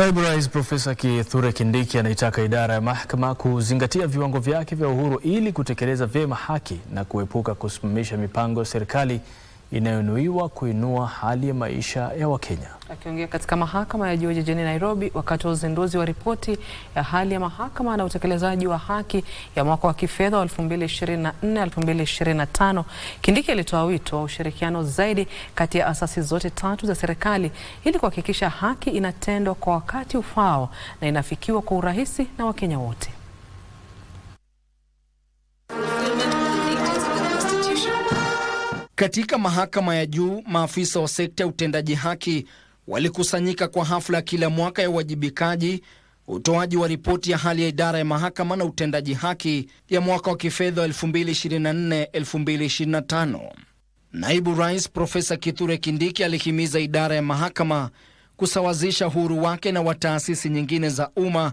Naibu Rais Profesa Kithure Kindiki anaitaka idara ya mahakama kuzingatia viwango vyake vya uhuru ili kutekeleza vyema haki na kuepuka kusimamisha mipango ya serikali inayonuiwa kuinua hali ya maisha ya Wakenya. Akiongea katika mahakama ya juu jijini Nairobi wakati wa uzinduzi wa ripoti ya hali ya mahakama na utekelezaji wa haki ya mwaka wa kifedha wa 2024-2025, Kindiki alitoa wito wa ushirikiano zaidi kati ya asasi zote tatu za serikali ili kuhakikisha haki inatendwa kwa wakati ufao na inafikiwa kwa urahisi na Wakenya wote. Katika mahakama ya juu, maafisa wa sekta ya utendaji haki walikusanyika kwa hafla ya kila mwaka ya uwajibikaji, utoaji wa ripoti ya hali ya idara ya mahakama na utendaji haki ya mwaka wa kifedha 2024-2025. Naibu Rais Profesa Kithure Kindiki alihimiza idara ya mahakama kusawazisha uhuru wake na wa taasisi nyingine za umma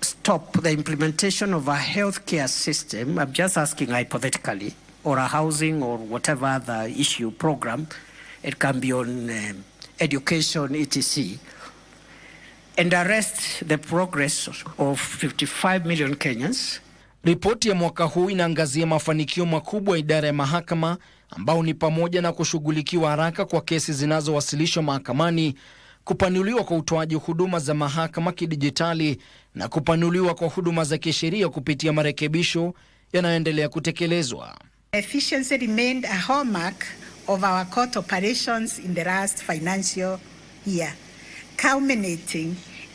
stop the implementation of a healthcare system, I'm just asking hypothetically, or a housing or whatever the issue program, it can be on um, education, etc., and arrest the progress of 55 million Kenyans. Ripoti ya mwaka huu inaangazia mafanikio makubwa ya idara ya mahakama ambao ni pamoja na kushughulikiwa haraka kwa kesi zinazowasilishwa mahakamani kupanuliwa kwa utoaji huduma za mahakama kidijitali na kupanuliwa kwa huduma za kisheria kupitia marekebisho yanayoendelea kutekelezwa.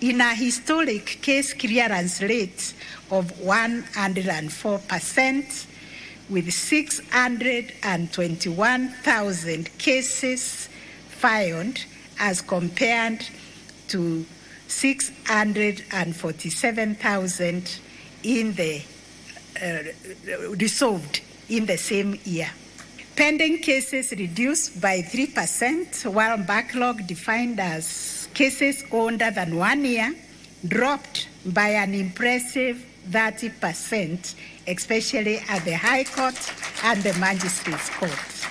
in a historic case clearance rate of 104% with 621,000 cases filed as compared to 647,000 in the uh, resolved in the same year. Pending cases reduced by 3%, while backlog defined as cases older than one year dropped by an impressive 30%, especially at the High Court and the Magistrates Court.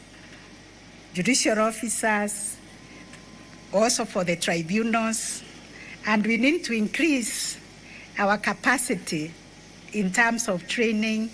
judicial officers, also for the tribunals, and we need to increase our capacity in terms of training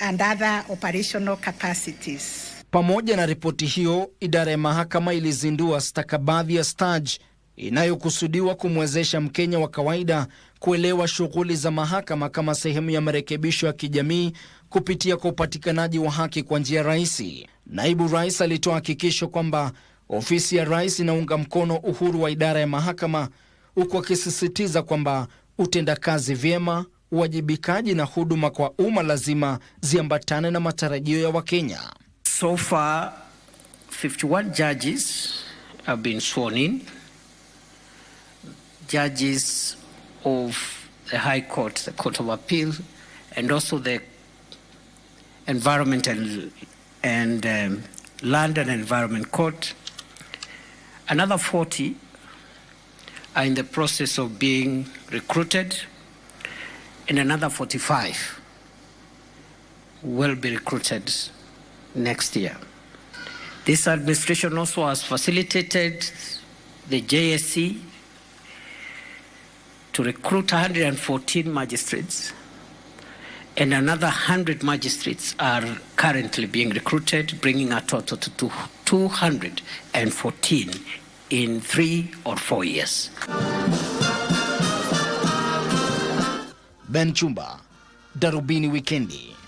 and other operational capacities. Pamoja na ripoti hiyo, idara ya mahakama ilizindua stakabadhi ya STAJ inayokusudiwa kumwezesha Mkenya wa kawaida kuelewa shughuli za mahakama kama sehemu ya marekebisho ya kijamii kupitia kwa upatikanaji wa haki kwa njia rahisi. Naibu rais alitoa hakikisho kwamba ofisi ya rais inaunga mkono uhuru wa idara ya mahakama, huku akisisitiza kwamba utendakazi vyema, uwajibikaji na huduma kwa umma lazima ziambatane na matarajio ya Wakenya. So far 51 judges have been sworn in. Judges of the High Court, the Court of Appeal, and also the Environment and, and um, Land and Environment Court. Another 40 are in the process of being recruited, and another 45 will be recruited next year. This administration also has facilitated the JSC to recruit 114 magistrates and another 100 magistrates are currently being recruited, bringing a total to 214 in three or four years. Ben Chumba, Darubini Wikendi.